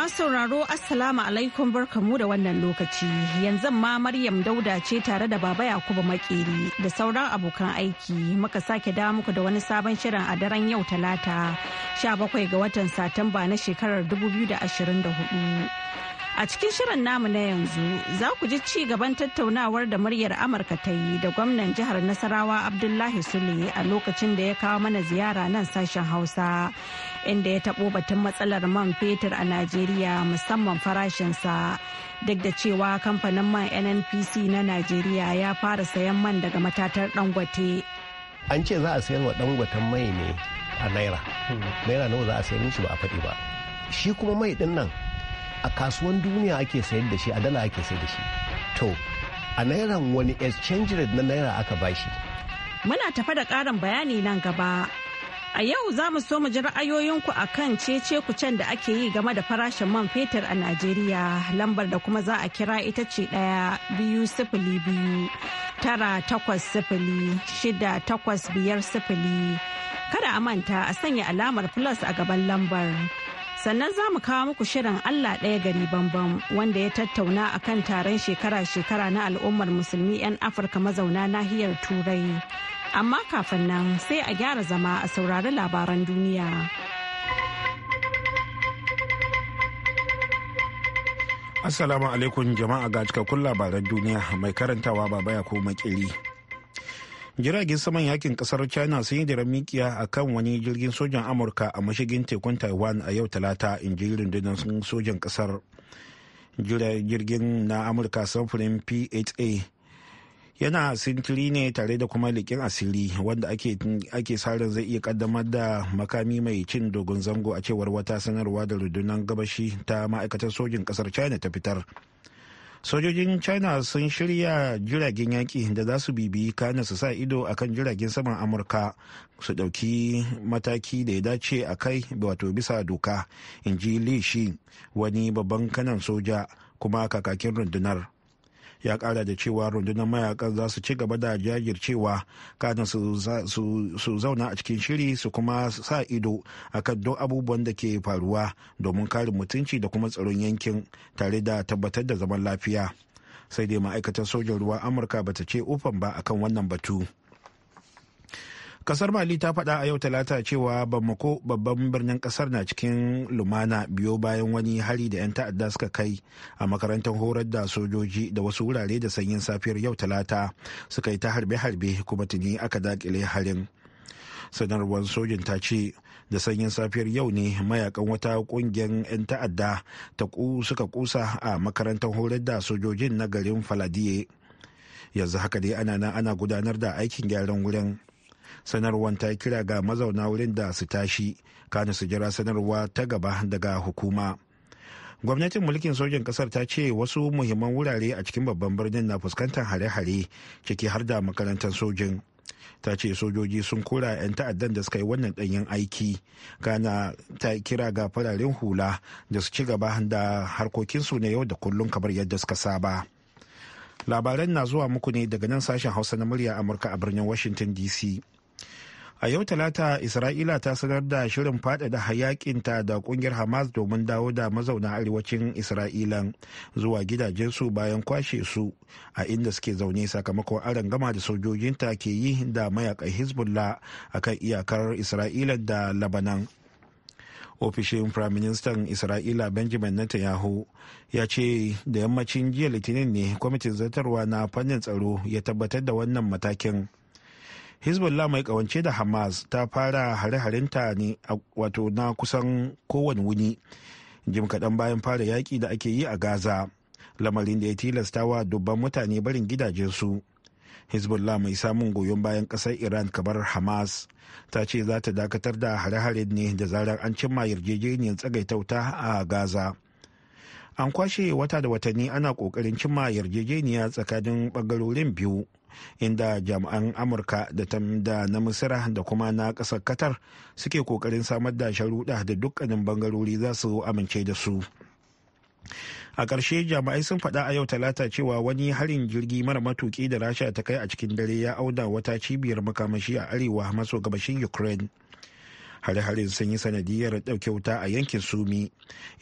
masu sauraro Assalamu alaikum barkamu da wannan lokaci. Yanzu ma Maryam Dauda ce tare da Baba Yakubu Makeri da sauran abokan aiki muka sake da muku da wani sabon shirin a daren yau Talata 17 ga watan Satumba na shekarar 2024. A cikin shirin namu na yanzu za ku ji ci gaban tattaunawar da muryar Amurka ta yi da gwamnan jihar Nasarawa Abdullahi Sule a lokacin da ya kawo mana ziyara nan sashen Hausa inda ya taɓo batun matsalar man fetur a Najeriya musamman farashinsa duk da cewa kamfanin man NNPC na Najeriya ya fara sayan man daga matatar Dangote. An ce za a sayar wa Dangoten mai ne a Naira. Hmm. Naira nawa za a sayar mishi ba a faɗi ba. Shi kuma mai ɗin nan a kasuwan duniya ake sayar da shi a dala ake sayar da shi to a nairan wani exchange rate na naira aka bashi muna tafa da karin bayani nan gaba a yau za mu so mu ji ra'ayoyinku a kan cece kucen da ake yi game da farashin man fetur a najeriya lambar da kuma za a kira ita ce ɗaya biyu sifili biyu tara takwas sifili shida takwas biyar sifili kada a manta a sanya alamar plus a gaban lambar. sannan za mu kawo muku shirin Allah ɗaya gari bambam wanda ya tattauna a kan taron shekara-shekara na al'ummar musulmi 'yan Afirka mazauna nahiyar Turai. Amma kafin nan sai a gyara zama a saurari labaran duniya. Assalamu alaikum jama'a ga cikakkun labaran duniya mai karantawa baba ya ko makiri. jiragen saman yakin kasar china sun yi jiran a kan wani jirgin sojan amurka a mashigin tekun taiwan a yau talata in ji rundunar sojan kasar jirgin na amurka samfurin pha yana sintiri ne tare da kuma likin asiri wanda ake tsarin zai iya kaddamar da makami mai cin dogon zango a cewar wata sanarwa da rundunar gabashi ta ma'aikatar sojin kasar china ta fitar sojojin china sun shirya jiragen yaƙi da za su bibi kana su sa ido a kan jiragen saman amurka su ɗauki mataki da ya dace a kai wato bisa doka in ji shi wani babban kanan soja kuma kakakin rundunar ya kara da cewa rundunar mayakan za su ci gaba da jajircewa kada su zauna a cikin shiri su kuma sa ido akan duk abubuwan da ke faruwa domin kare mutunci da kuma tsaron yankin tare da tabbatar da zaman lafiya sai dai ma'aikatar sojan ruwa amurka bata ce ufan ba akan wannan batu. kasar mali ta faɗa a yau talata cewa bamako babban birnin kasar na cikin lumana biyo bayan wani hari da 'yan ta'adda suka kai a makarantar horar da sojoji da wasu wurare da sanyin safiyar yau talata suka yi ta harbe-harbe kuma tuni aka dakile harin sanarwar sojin ta ce da sanyin safiyar yau ne mayakan wata kungiyar 'yan ta'adda ta suka kusa a makarantar horar da sojojin na garin faladiye yanzu haka dai ana nan ana gudanar da aikin gyaran wurin sanarwar ta kira ga mazauna wurin da su tashi kana su jira sanarwa ta gaba daga hukuma gwamnatin mulkin sojin kasar ta ce wasu muhimman wurare a cikin babban birnin na fuskantar hare-hare ciki har da makarantar sojin ta ce sojoji sun kora 'yan ta'addan da suka yi wannan ɗanyen aiki kana ta kira ga fararen hula da su ci gaba da harkokinsu na yau da kullum kamar yadda suka saba labaran na zuwa muku ne daga nan sashen hausa na murya amurka a birnin washington dc a yau talata isra'ila ta sanar da shirin faɗaɗa hayakinta da ƙungiyar hamas domin dawo da mazauna arewacin isra'ila zuwa gidajensu bayan kwashe su a inda suke zaune sakamakon aron gama da sojojinta ke yi da mayakan hezbollah akan iyakar isra'ila da labanan ofishin firaministan isra'ila benjamin netanyahu ya ce da yammacin jiya litinin ne kwamitin zartarwa na fannin tsaro ya tabbatar da wannan matakin hezbollah mai kawance da hamas ta fara hare-harenta ne wato na kusan kowane wuni jim kaɗan bayan fara yaki da ake yi a gaza lamarin da ya tilasta wa dubban mutane barin gidajensu hezbollah mai samun goyon bayan ƙasar iran kamar hamas ta ce za ta dakatar da hare-hare ne da zarar an cimma yarjejeniyar tsagaitauta a gaza an kwashe wata da watanni ana ƙoƙarin cimma yarjejeniya tsakanin ɓangarorin biyu inda jami'an amurka da na misira da kuma na ƙasar qatar suke ƙoƙarin samar da sharuɗa da dukkanin bangarori za su amince da su a ƙarshe jami'ai sun faɗa a yau talata cewa wani harin jirgi mara matuki da rasha ta kai a cikin dare ya auda wata cibiyar makamashi a arewa maso gabashin ukraine hare-haren sun yi sanadiyar ɗauke wuta a yankin sumi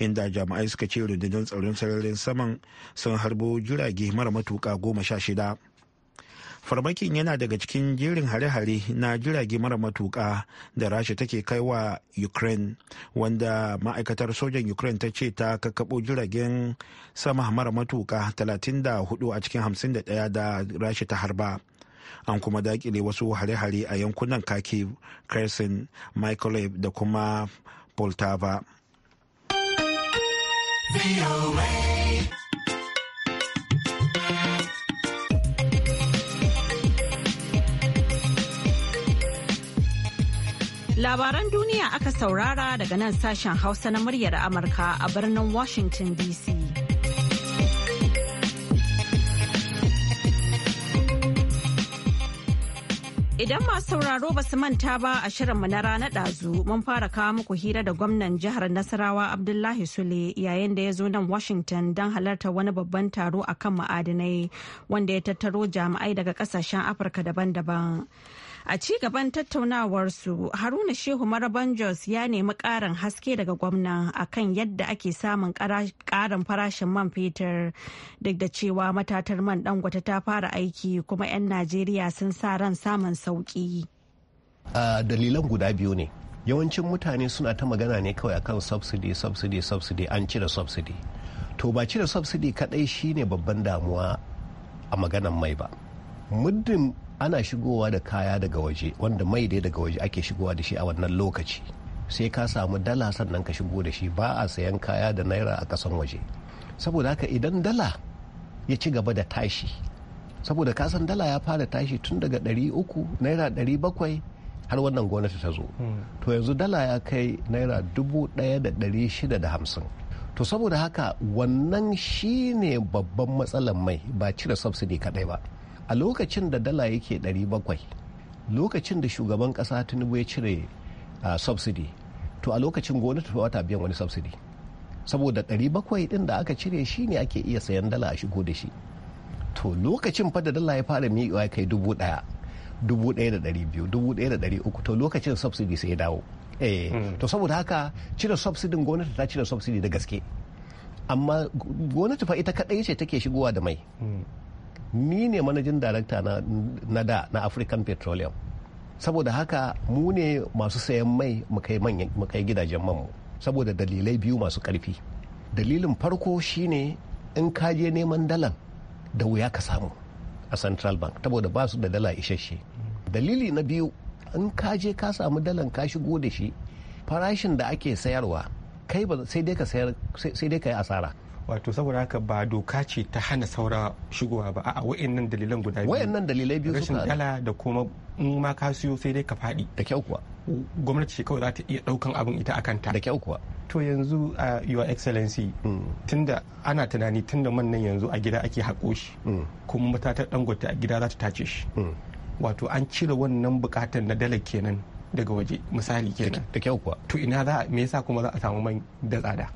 inda jami'ai suka ce rundunar tsaron sararin saman sun harbo jirage mara matuka goma sha shida farmakin yana daga cikin jerin hare-hare na jirage mara matuka da rasha take kai wa ukraine wanda ma'aikatar sojan ukraine ta ce ta kakabo jiragen sama mara matuƙa 34 a cikin 51 da rasha ta harba an kuma dakile wasu hare-hare a yankunan kharkiv kherson microwave da kuma poltava. Labaran duniya aka saurara daga nan sashen Hausa na muryar Amurka a birnin Washington DC. Idan masu sauraro ba su manta ba a shirinmu na rana ɗazu mun fara kawo muku hira da gwamnan jihar Nasarawa Abdullahi Sule yayin da ya zo nan Washington don halarta wani babban taro a kan ma'adinai wanda ya tattaro jami'ai daga ƙasashen Afirka daban-daban. A ci gaban tattaunawarsu Haruna Shehu Maraban Jos ya nemi ƙarin haske daga gwamna akan yadda ake samun ƙarin farashin man fetur duk da cewa matatar man dangwata ta fara aiki kuma 'yan Najeriya sun sa ran samun sauƙi. Dalilan guda biyu ne. Yawancin mutane suna ta magana ne kawai akan subsidy, subsidy, subsidy, an cire subsidy. to ba cire subsidy kaɗai shine babban damuwa a maganan mai ba muddin ana shigowa da kaya daga waje wanda mai dai daga waje ake shigowa da shi a wannan lokaci sai ka samu dala sannan ka shigo da shi ba a sayan kaya da naira a kasan waje saboda haka idan dala ya ci gaba da tashi saboda ka san dala ya fara tashi tun daga 300 naira 700 har wannan gwamnati ta zo hmm. to yanzu dala ya kai naira 1650 to saboda haka wannan shine babban matsalar mai ba cire subsidy kadai ba a lokacin da dala yake 700 lokacin da shugaban kasa tinubu ya cire ah, subsidy to a lokacin gona ta wata biyan wani subsidy saboda 700 din da aka cire shi ne ake iya sayan dala a shigo da shi to lokacin fa da dala ya fara miƙewa kai dubu ɗaya dubu ɗaya da ɗari biyu dubu ɗaya da ɗari uku to lokacin subsidy sai ya dawo eh hmm. to saboda haka cire subsidin gwamnati ta cire subsidy da gaske amma gwamnati fa ita kadai ce take shigowa da mai hmm. ni ne manajin darakta na da na african petroleum saboda haka mu ne masu sayan mai mu kai gidajen manmu saboda dalilai biyu masu karfi dalilin farko shine in ka neman dalan da wuya ka samu a central bank saboda ba su da dala isasshe dalili na biyu in ka je ka samu dalan ka shigo da shi farashin da ake sayarwa kai ba sai dai ka ka yi asara wato saboda haka ba doka ce ta hana saura shigowa ba a'a nan dalilan guda biyu nan dalilai biyu rashin dala da kuma in ma ka siyo sai dai ka faɗi da kyau kuwa gwamnati ce kawai za ta iya ɗaukan abin ita a kanta da kyau kuwa to yanzu a uh, your excellency hmm. tunda ana tunani tunda man nan yanzu a gida ake haƙo shi hmm. kuma matatar dangote a gida za ta tace shi hmm. wato an cire wannan bukatar na dalar kenan daga waje misali kenan da kyau kuwa to ina za me yasa kuma za a samu man da tsada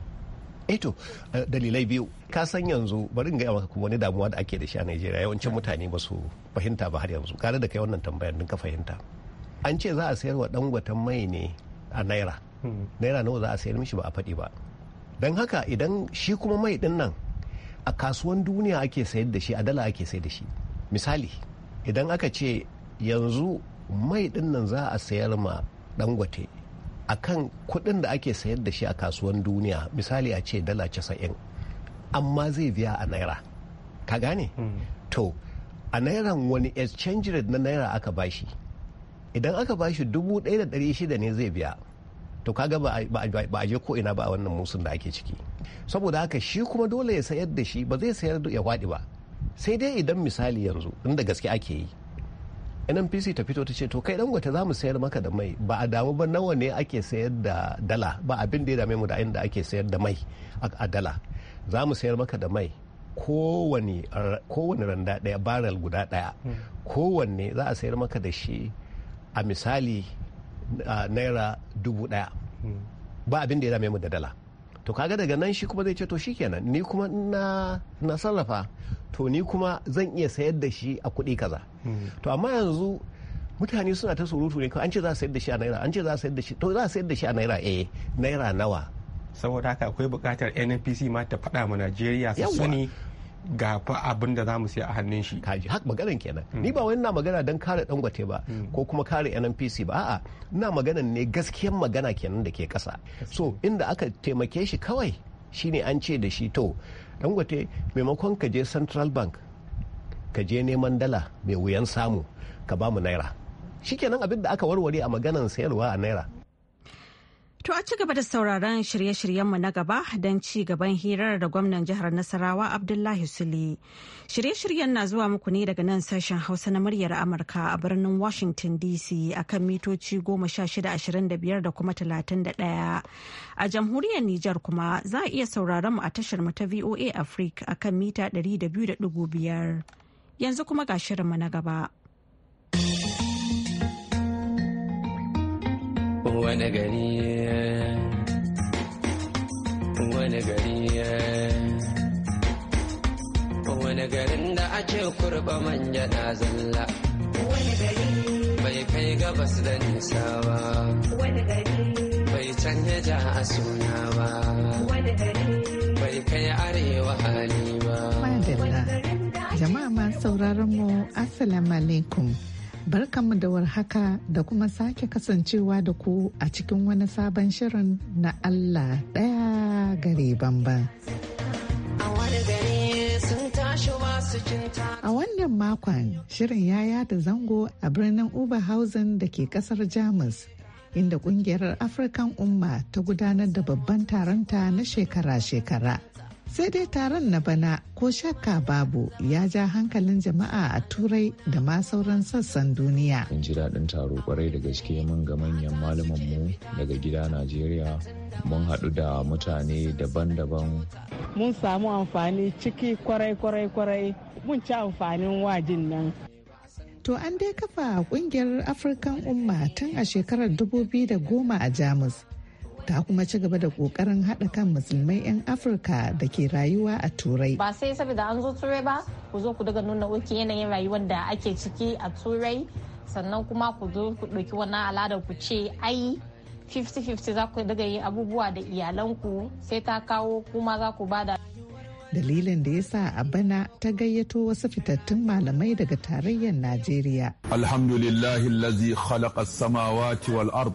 eto eh eh, dalilai biyu ka san yanzu bari in gaya maka kuma wani damuwa da ake da shi a Najeriya yawancin mutane ba su fahimta ba har yanzu kare da kai wannan tambayar din ka fahimta an ce za a sayar wa gwatan mai ne a naira naira nawa za a sayar mishi ba a faɗi ba dan haka idan shi kuma mai din nan a kasuwan duniya ake sayar da shi a dala ake sayar da shi misali idan aka ce yanzu mai din nan za a sayar ma gwate. akan kuɗin da ake sayar da shi a kasuwan duniya misali a ce dala casa'in amma zai biya a naira ka gane hmm. to a nairan wani exchange rate na naira aka bashi idan aka bashi dubu ɗaya da ɗari shida ne zai biya to kaga ba a je ko ina ba a wannan musun da ake ciki saboda haka shi kuma dole ya sayar da shi ba zai sayar da ya waɗi ba sai dai idan misali yanzu inda gaske ake yi nnpc ta fito ta ce to kai dangote za mu sayar maka da mai ba a damu ba nawa ne ake sayar da dala ba abin da ya dame mu da inda ake sayar da mai a dala za mu sayar maka da mai kowane randa daya barrel guda daya hmm. kowanne za a sayar maka da shi a misali naira dubu daya hmm. ba abin da ya dame mu da dala to kaga daga nan shi kuma zai ce to shikenan ni kuma na sarrafa to ni kuma zan iya sayar da shi a kuɗi kaza to amma yanzu mutane suna ta surutu ne an ce za a sayar da shi a naira an ce za a sayar da shi to za a sayar da shi a naira eh naira nawa saboda haka akwai bukatar nnpc ma ta faɗa ma najeriya su sani ga fa abin da zamu sai a hannun shi kaji hak maganan kenan mm. ni ba wani na magana don kare dangote ba mm. ko kuma kare NNPC ba a'a ina maganan ne gaskiyan magana kenan da ke kasa so inda aka taimake shi kawai shine an ce da shi to dangote maimakon ka je Central Bank ka je neman dala mai wuyan samu ka ba mu naira shikenan abin da aka warware a maganan sayarwa a naira To a ci gaba da sauraron shirye-shiryenmu na gaba don ci gaban hirar da gwamnan jihar Nasarawa Abdullahi Sule. Shirye-shiryen na zuwa muku ne daga nan sashen Hausa na muryar Amurka a birnin Washington DC akan mitoci 1625 da kuma 31. A jamhuriyar Nijar kuma za a iya sauraron mu a tashar mu ta VOA Africa akan mita 200.5. Yanzu kuma ga shirinmu na gaba. wani gari wani gari wani garin da ake kurba manja na zalla wani gari bai kai gabas da nisa ba wani gari bai canja ja a suna ba wani gari bai kai arewa hali ba jama'a ma sauraron mu assalamu alaikum Barkanmu da warhaka da kuma sake kasancewa da ku a cikin wani sabon shirin na Allah ɗaya gare bamban. A wannan makon shirin ya yada zango a birnin Oberhausen da ke kasar Jamus inda kungiyar African Umma ta gudanar da babban taronta na shekara-shekara. sai dai taron na bana ko shakka babu ya ja hankalin jama'a a turai da ma sauran sassan duniya. Mun ji daɗin taro kwarai da gaske mun ga manyan mu daga gida Najeriya mun haɗu da mutane daban-daban. Mun samu amfani ciki kwarai-kwarai-kwarai mun ci amfanin wajin nan. To an dai kafa kungiyar afirkan Umma tun a shekarar 2010 a Jamus ta kuma ci gaba da kokarin haɗa kan musulmai 'yan afirka da ke rayuwa a turai ba sai saboda an zo turai ba ku zo ku daga nuna wuki yanayin rayuwar da ake ciki a turai sannan kuma ku zo ku ɗauki wannan al'adar ku ce ai 50-50 za ku daga yi abubuwa da iyalanku sai ta kawo kuma za ku bada dalilin da ya sa a bana ta gayyato wasu fitattun malamai daga tarayyar najeriya alhamdulillahi lazi khalaqa samawati wal ard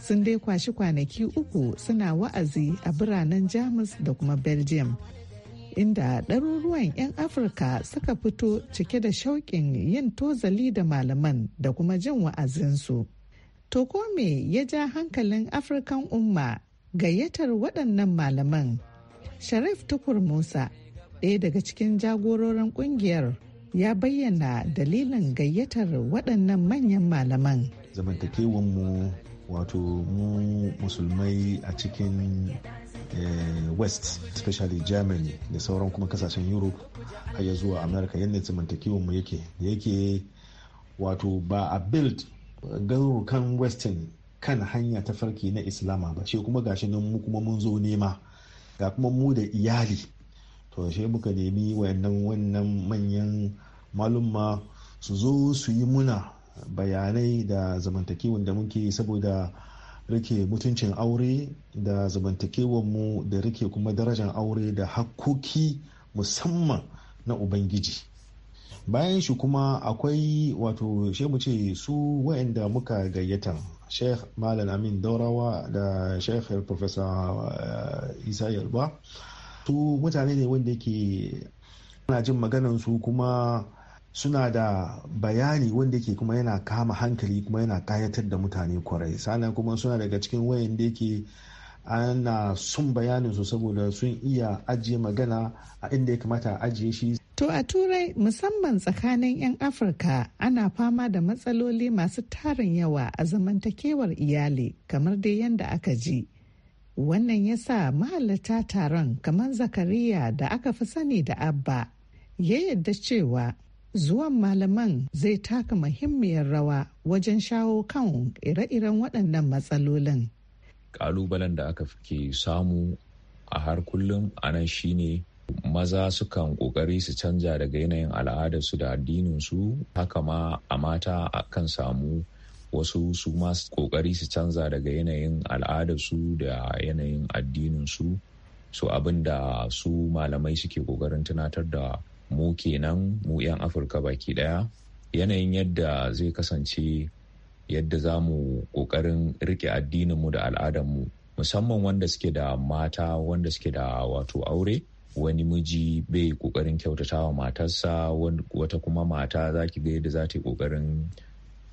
sun dai kwashi kwanaki uku suna wa'azi a biranen jamus da kuma belgium inda ɗaruruwan 'yan afirka suka fito cike da shauƙin yin tozali da malaman da kuma jin wa'azinsu to ko ya ja hankalin afirkan umma gayyatar waɗannan malaman sharif tukur musa ɗaya daga cikin jagororin ƙungiyar ya bayyana dalilin gayyatar waɗannan manyan malaman zamantakewanmu wato mu musulmai a cikin eh, west especially germany da sauran kuma kasashen europe har ya zuwa america yadda mu yake da yake wato ba a build kan western kan hanya ta farki na islama ba shi kuma gashi nan mu kuma mun zo nema ga kuma mu da iyali to shi muka nemi wayannan wannan manyan malumma su zo su yi muna bayanai da zamantakewan da muke saboda rike mutuncin aure da mu da rike kuma darajar aure da hakkoki musamman na ubangiji bayan shi kuma akwai wato shi mu ce su wa'anda muka gayyata sheikh malam amin daurawa da sheikh professor eh, isa yalba su mutane ne wanda ke ana jin maganan su kuma suna da bayani wanda yake kuma yana kama hankali kuma yana kayatar da mutane kwarai sannan kuma suna daga cikin wayan da yake ana sun bayanin su saboda sun iya ajiye magana a inda ya kamata a ajiye shi To a Turai musamman tsakanin 'yan Afirka ana fama da matsaloli masu tarin yawa a zamantakewar iyali kamar dai yadda aka ji. Wannan ya sa mahalarta taron kamar Zakariya da aka fi sani da Abba ya yadda cewa zuwan malaman zai taka muhimmiyar rawa wajen shawo kan ire-iren waɗannan matsalolin. Ƙalubalen da aka ke samu a har kullum a nan shi ne maza sukan ƙoƙari su canja daga yanayin al'adarsu da addininsu haka ma a mata a kan samu wasu su masu ƙoƙari su canza daga yanayin al'adarsu da yanayin addininsu su abin da su malamai suke ƙoƙarin tunatar da mu kenan mu 'yan afirka baki daya yanayin yadda zai kasance yadda za mu ƙoƙarin rike addininmu da al'adarmu musamman wanda suke da mata wanda suke da wato aure wani miji bai ƙoƙarin kyautata wa matarsa wata kuma mata za ki ga yadda za ta yi ƙoƙarin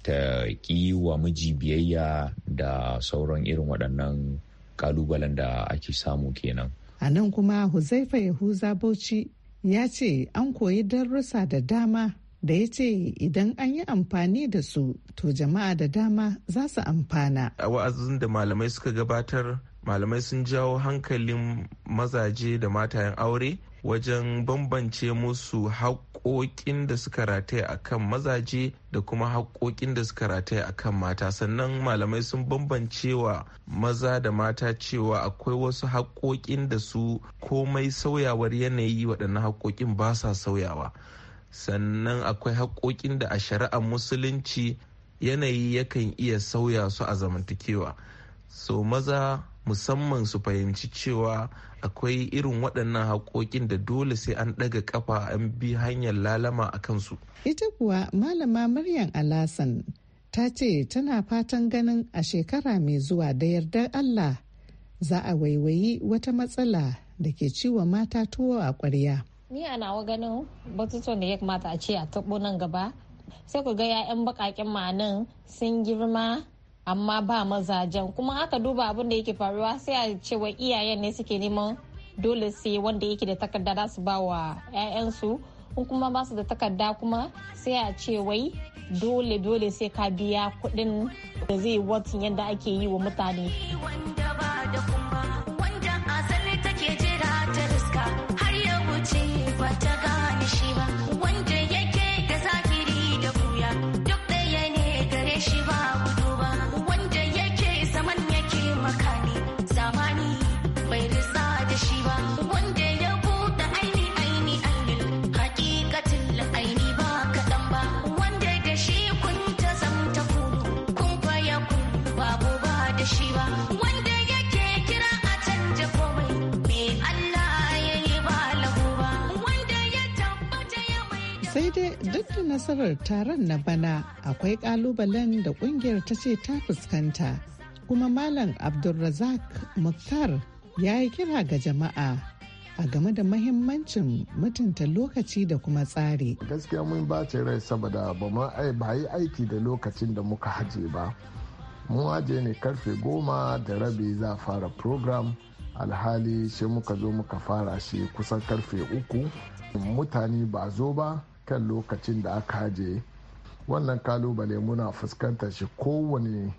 ta ƙi wa miji biyayya da sauran irin waɗannan kalubalen da ake samu kenan. A nan kuma Huzaifa Yahuza Bauchi ya ce an koyi darussa da dama da ya ce idan an yi amfani da su to jama'a da dama za su amfana. A wa'azin da malamai suka gabatar malamai sun jawo hankalin mazaje da matayen aure wajen bambance musu haƙoƙin da suka rataya a kan mazaje da kuma haƙoƙin da suka rataya a kan mata sannan malamai sun bambance wa maza da mata cewa akwai wasu haƙoƙin da su komai sauyawar yanayi waɗannan haƙoƙin ba sa sauyawa sannan akwai haƙoƙin da a shari'ar musulunci yanayi yakan iya sauya su a zamantakewa so maza musamman su fahimci cewa akwai irin waɗannan haƙoƙin da dole sai an ɗaga ƙafa an bi hanyar lalama a kansu. Ita kuwa malama Maryam Alasan ta ce tana fatan ganin a shekara mai zuwa da yardar Allah za a waiwayi wata matsala da ke ciwo mata tuwo a ƙwarya. Ni a nawa ganin batutuwan da ya kamata a ce a taɓo nan gaba sai ku ga 'ya'yan baƙaƙen nan sun girma amma ba mazajen kuma aka duba abin da yake faruwa sai a cewa iyayen ne suke neman dole sai wanda yake da takarda za su ba wa 'ya'yansu in kuma ba su da takarda kuma sai a ce wai dole dole sai ka biya kuɗin da zai watin yadda ake yi wa mutane. Duk da nasarar taron na bana akwai kalubalen da kungiyar ta ce ta fuskanta kuma Malam Abdulrazak Mukhtar ya yi kira ga jama'a a game da mahimmancin mutunta lokaci da kuma tsari. Gaskiya mun bace rai saboda ba yi aiki da lokacin da muka haje ba. Mun haje ne karfe goma da rabi za fara program alhali shi muka zo muka fara shi kusan karfe uku. Mutane ba zo ba kan lokacin da aka haje wannan kalubale muna fuskanta shi kowane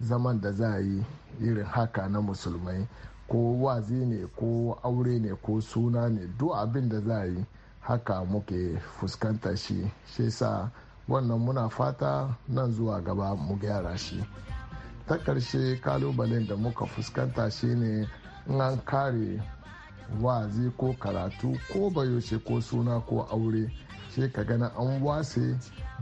zaman da za a yi irin haka na musulmai ko wazi ne ko aure ne ko suna ne duk abin da za a yi haka muke fuskanta shi shi sa wannan muna fata nan zuwa gaba mu gyara shi ta karshe kalubalen da muka fuskanta shine in an kare wazi ko karatu ko bayoshe ko suna ko aure sai ka gana an wase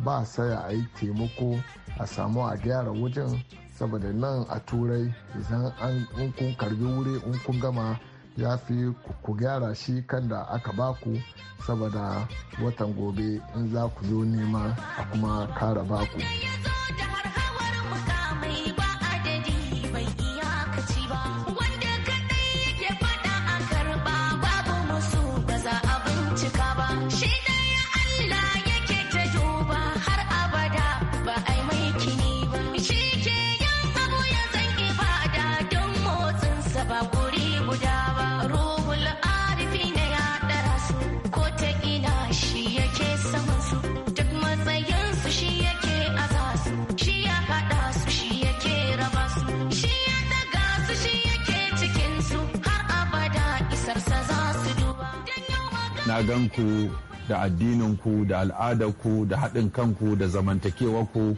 ba saya a yi taimako a samu a gyara wajen saboda nan a turai idan an kun karbi wuri in kun gama ya fi ku gyara shi kan da aka baku saboda watan gobe in za ku zo nema a kuma kara baku. ku da addininku da al'adarku da haɗin kanku da zamantakewarku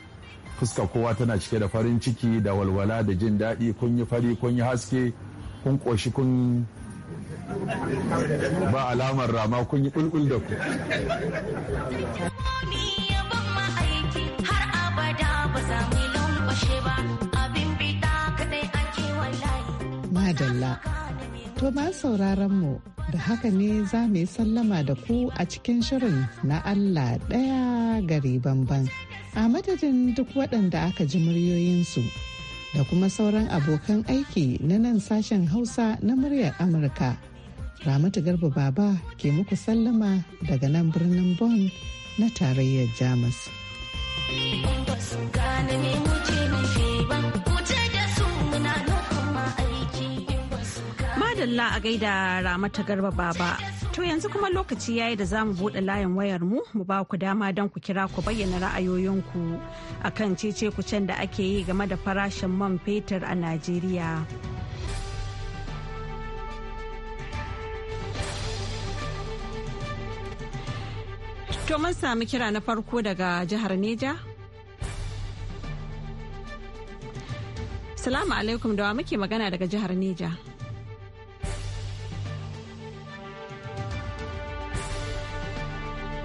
fuska kowa tana cike da farin ciki da walwala da jin daɗi kun yi fari kun yi haske kun ƙoshi kun ba alamar rama kun yi ƙulƙul da ku To ba sauraron mu da haka ne za mu yi sallama da ku a cikin shirin na Allah ɗaya gari banban. A madadin duk waɗanda aka ji muryoyinsu da kuma sauran abokan aiki na nan sashen Hausa na muryar Amurka. Ramatu Garba Baba ke muku sallama daga nan birnin Bonn na tarayyar Jamus. madalla a gaida ramata garba baba. To yanzu kuma lokaci yayi da za mu buɗe layin wayar mu mu ba ku dama don ku kira ku bayyana ra'ayoyinku akan cece kucen da ake yi game da farashin man fetur a Najeriya. To mun sami kira na farko daga jihar Neja. Salamu alaikum da wa muke magana daga jihar Neja.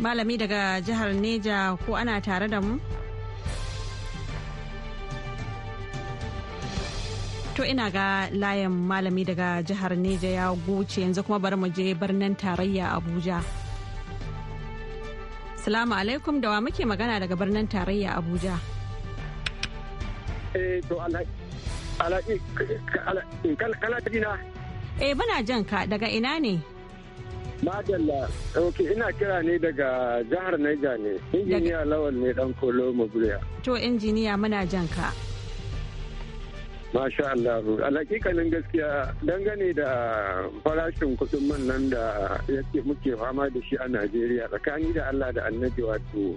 malami daga jihar neja ko ana tare da mu to ina ga layan malami daga jihar neja ya goce yanzu kuma bari mu je birnin tarayya abuja salamu alaikum da wa muke magana daga birnin tarayya abuja eh kana jina eh bana jan ka daga ina ne Madalla, ok ina kira ne daga jihar Naija ne, injiniya Lawal ne dan Kolo Maguya. To injiniya muna jan ka. Masha Allah, alhakikanin gaskiya dangane da farashin kuɗin man nan da yake muke fama da shi a Najeriya tsakani da Allah da annabi wato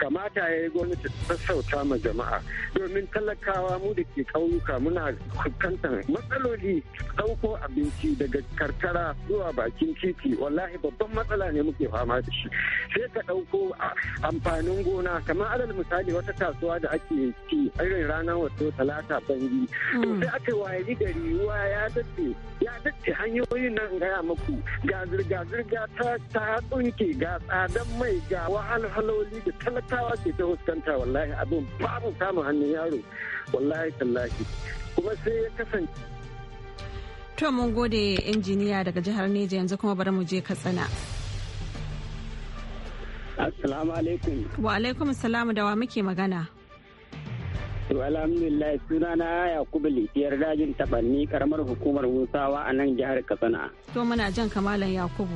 kamata ya yi gwamnati ta sassauta ma jama'a domin talakawa mu da ke ƙauyuka muna fuskantar matsaloli ɗauko abinci daga karkara zuwa bakin titi wallahi babban matsala ne muke fama da shi sai ka ɗauko amfanin gona kamar alal misali wata kasuwa da ake ci irin ranar wato talata bangi mm. sai aka waye gari ruwa ya dace ya dace hanyoyin nan gaya muku ga zirga-zirga ta tsunke ga tsadan mai ga wahalhaloli da talaka talakawa ke ta fuskanta wallahi abin babu samun hannun yaro wallahi tallahi kuma sai ya kasance to mun gode injiniya daga jihar neja yanzu kuma bari mu je katsina assalamu alaikum wa alaikum assalamu da wa muke magana To alhamdulillah sunana Yakubu Litiyar dajin tabanni karamar hukumar Musawa a nan jihar Katsina. To muna jan kamalan Yakubu.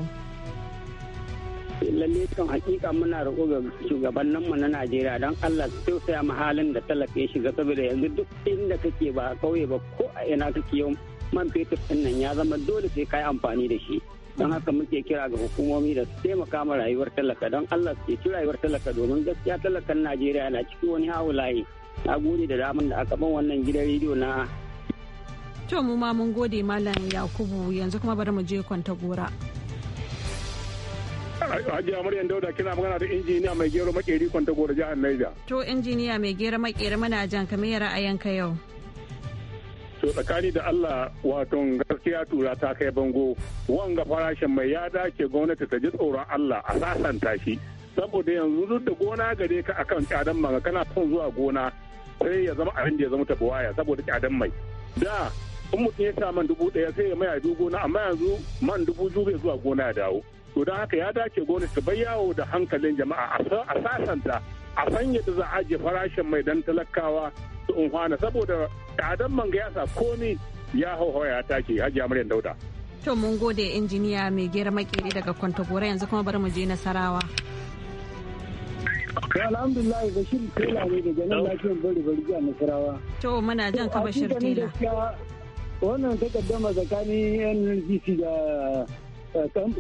lalle kan hakika muna roƙo ga shugaban nan mu na Najeriya don Allah su tausaya mu halin da talaka ya shiga saboda yanzu duk inda kake ba kauye ba ko a ina kake yau man fetur din nan ya zama dole sai kai amfani da shi don haka muke kira ga hukumomi da su taimaka ma rayuwar talaka don Allah su ci rayuwar talaka domin gaskiya talakan Najeriya na cikin wani hawulaye na gode da daman da aka ban wannan gidan rediyo na To mu ma mun gode Malam Yakubu yanzu kuma bari mu je kwanta gora. Hajiya Maryam Dauda kina magana da injiniya mai gero makeri kwanta gora jihar Niger. To injiniya mai gero makeri muna jan yara a yanka yau? To tsakani da Allah wato gaskiya tura ta kai bango wanga farashin mai ya dace gwamnati ta ji tsoron Allah a sasanta shi saboda yanzu duk da gona gare ka akan tsadan manga kana son zuwa gona sai ya zama abin da ya zama tafi waya saboda tsadan mai. Da in mutum ya sa man dubu ɗaya sai ya maya gona amma yanzu man dubu biyu zuwa gona ya dawo. to da haka ya dace gwamnati ta yawo da hankalin jama'a a sasanta a san yadda za a ajiye farashin mai dan talakawa su unhwana saboda tsadan manga ya sa komi ya hauhawa ya take hajiya maryam dauda to mun gode injiniya mai gera makeri daga kwantagora yanzu kuma bari mu je nasarawa alhamdulillah bashir tela ne da nan lafiyan bari bari a nasarawa to muna jan ka bashir tela wannan takaddama tsakanin nnpc da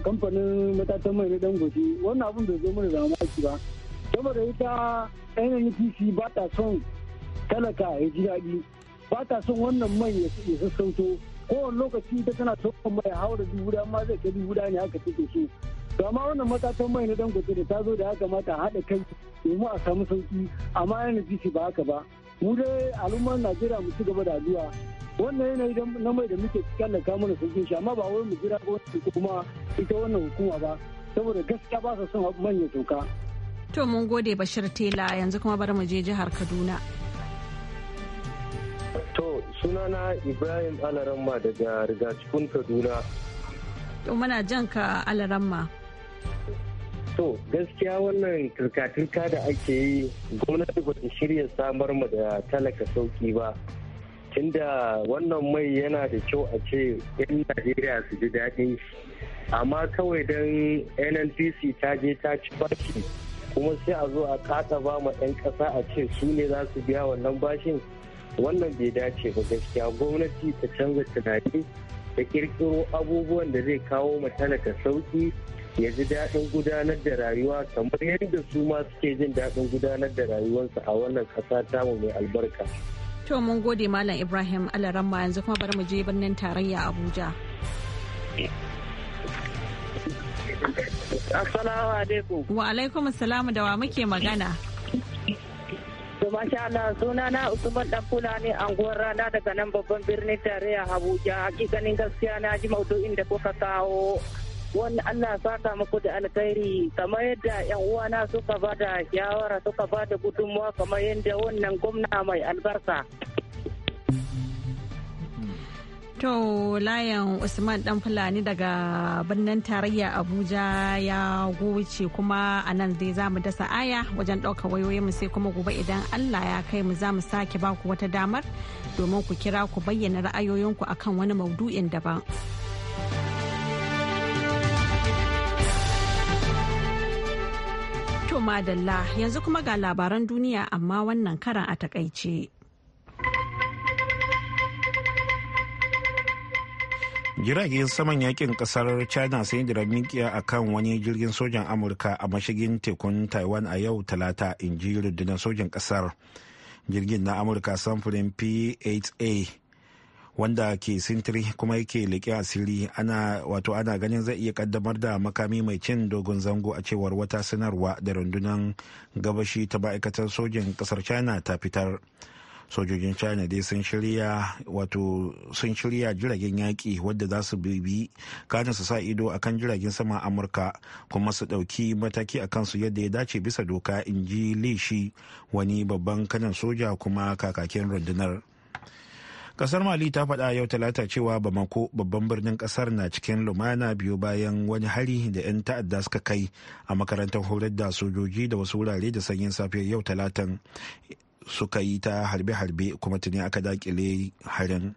kamfanin matatan mai na dangote wannan abin bai zo mana da mamaki ba saboda ita nnpc ba ta son talaka ya ji daɗi ba ta son wannan mai ya sassauto kowane lokaci ita tana tsohon mai haura dubu da amma zai kai dubu da ne haka take so to amma wannan matatan mai na dangote da ta zo da ya kamata a haɗa kai domin a samu sauki amma nnpc ba haka ba mu dai al'ummar najeriya mu ci gaba da addu'a wannan yanayi na mai da muke da da sun shi amma ba wai mu jira wani kuma ita wannan hukuma ba saboda gaskiya ba su son manyan toka. To mun gode Bashir Tela yanzu kuma bari mu je jihar Kaduna. To sunana Ibrahim Alaramma daga cikin Kaduna. To muna jan ka Alaramma. To gaskiya wannan turka da ake yi gwamnati ba ta shirya samar mu da talaka sauki ba. inda wannan mai yana da kyau a ce 'yan najeriya su ji daɗin shi amma kawai don nnpc ta je ta ci bashi kuma sai a zo a kasa ba ma 'yan ƙasa a ce su ne za su biya wannan bashin wannan bai dace ba gaskiya gwamnati ta canza tunani da kirkiro abubuwan da zai kawo ma talaka sauki ya ji daɗin gudanar da rayuwa kamar yadda su ma suke jin daɗin gudanar da rayuwarsa a wannan ƙasa tamu mai albarka. To mun gode Malam Ibrahim Alaramma yanzu kuma bari mu je birnin tarayya Abuja. Assalamu alaikum. Wa alaikum assalamu da wa muke magana. To masha Allah suna na Usman ne Fulani anguwar rana daga nan babban birnin tarayya Abuja. Hakikanin gaskiya na ji maudu'in da kuka kawo wani Allah saka muku da alkhairi kamar yadda yan uwana suka ba da shawara suka ba da gudunmuwa kamar yadda wannan gwamna mai albarka. To layan Usman dan Fulani daga birnin tarayya Abuja ya goce kuma a nan dai za mu dasa aya wajen ɗaukar wayoyinmu sai kuma gobe idan Allah ya kai mu za mu sake baku wata damar domin ku kira ku bayyana ra'ayoyinku akan wani maudu'in daban. madalla yanzu kuma ga labaran duniya amma wannan karan a takaice. jiragen saman yakin kasar china sun yi mikiya a kan wani jirgin sojan amurka a mashigin tekun taiwan a yau talata in ji rundunar sojan kasar jirgin na amurka samfurin p8a wanda ke sintiri kuma yake leƙe asiri ana wato ana ganin zai iya kaddamar da makami mai cin dogon zango a cewar wata sanarwa da rundunar gabashi ta ma'aikatar sojin kasar china ta fitar sojojin china dai sun shirya wato sun shirya jiragen yaƙi wadda za su bibi kana su sa ido akan jiragen sama amurka kuma su ɗauki mataki a kansu yadda ya dace bisa doka in ji lishi wani babban kanan soja kuma kakakin rundunar kasar mali ta faɗa yau talata cewa bamako babban birnin kasar na cikin lumana biyu bayan wani hari da 'yan ta'adda suka kai a makarantar horar da sojoji da wasu wurare da sanyin safe yau talatan suka yi ta harbe-harbe kuma tuni aka dakile harin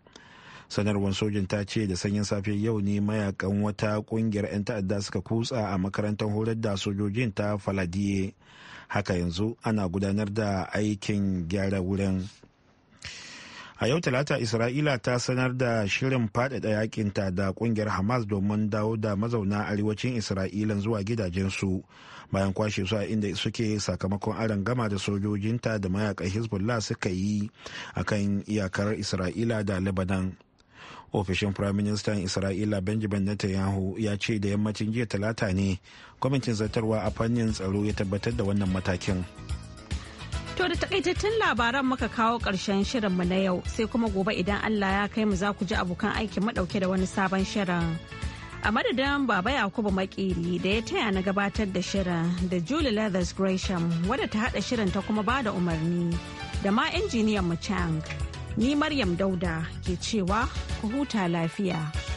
sanarwar sojin ta ce da sanyin safe yau ne mayakan wata kungiyar 'yan ta'adda suka kutsa a makarantar horar da sojojin ta faladiye haka yanzu ana gudanar da aikin gyara wurin a yau talata isra'ila ta sanar da shirin faɗaɗa yakinta da ƙungiyar hamas domin dawo da mazauna arewacin isra'ila zuwa gidajensu bayan kwashe su a inda suke sakamakon aron gama da sojojinta da mayakan hezbollah suka yi a kan iyakar isra'ila da lebanon ofishin firaministan isra'ila benjamin netanyahu ya ce da yammacin jiya talata ne kwamitin zartarwa a fannin tsaro ya tabbatar da wannan matakin. To da takaitattun labaran muka kawo ƙarshen shirinmu na yau sai kuma gobe idan Allah ya kai mu za ku ji abokan aikin madauke da wani sabon shirin. A madadin Baba Yakubu Makiri da ya taya na gabatar da shirin da Julie Leathers Gresham wadda ta haɗa shirin ta kuma bada umarni da ma injiniyan mu Chang. Ni Maryam Dauda ke cewa ku huta lafiya.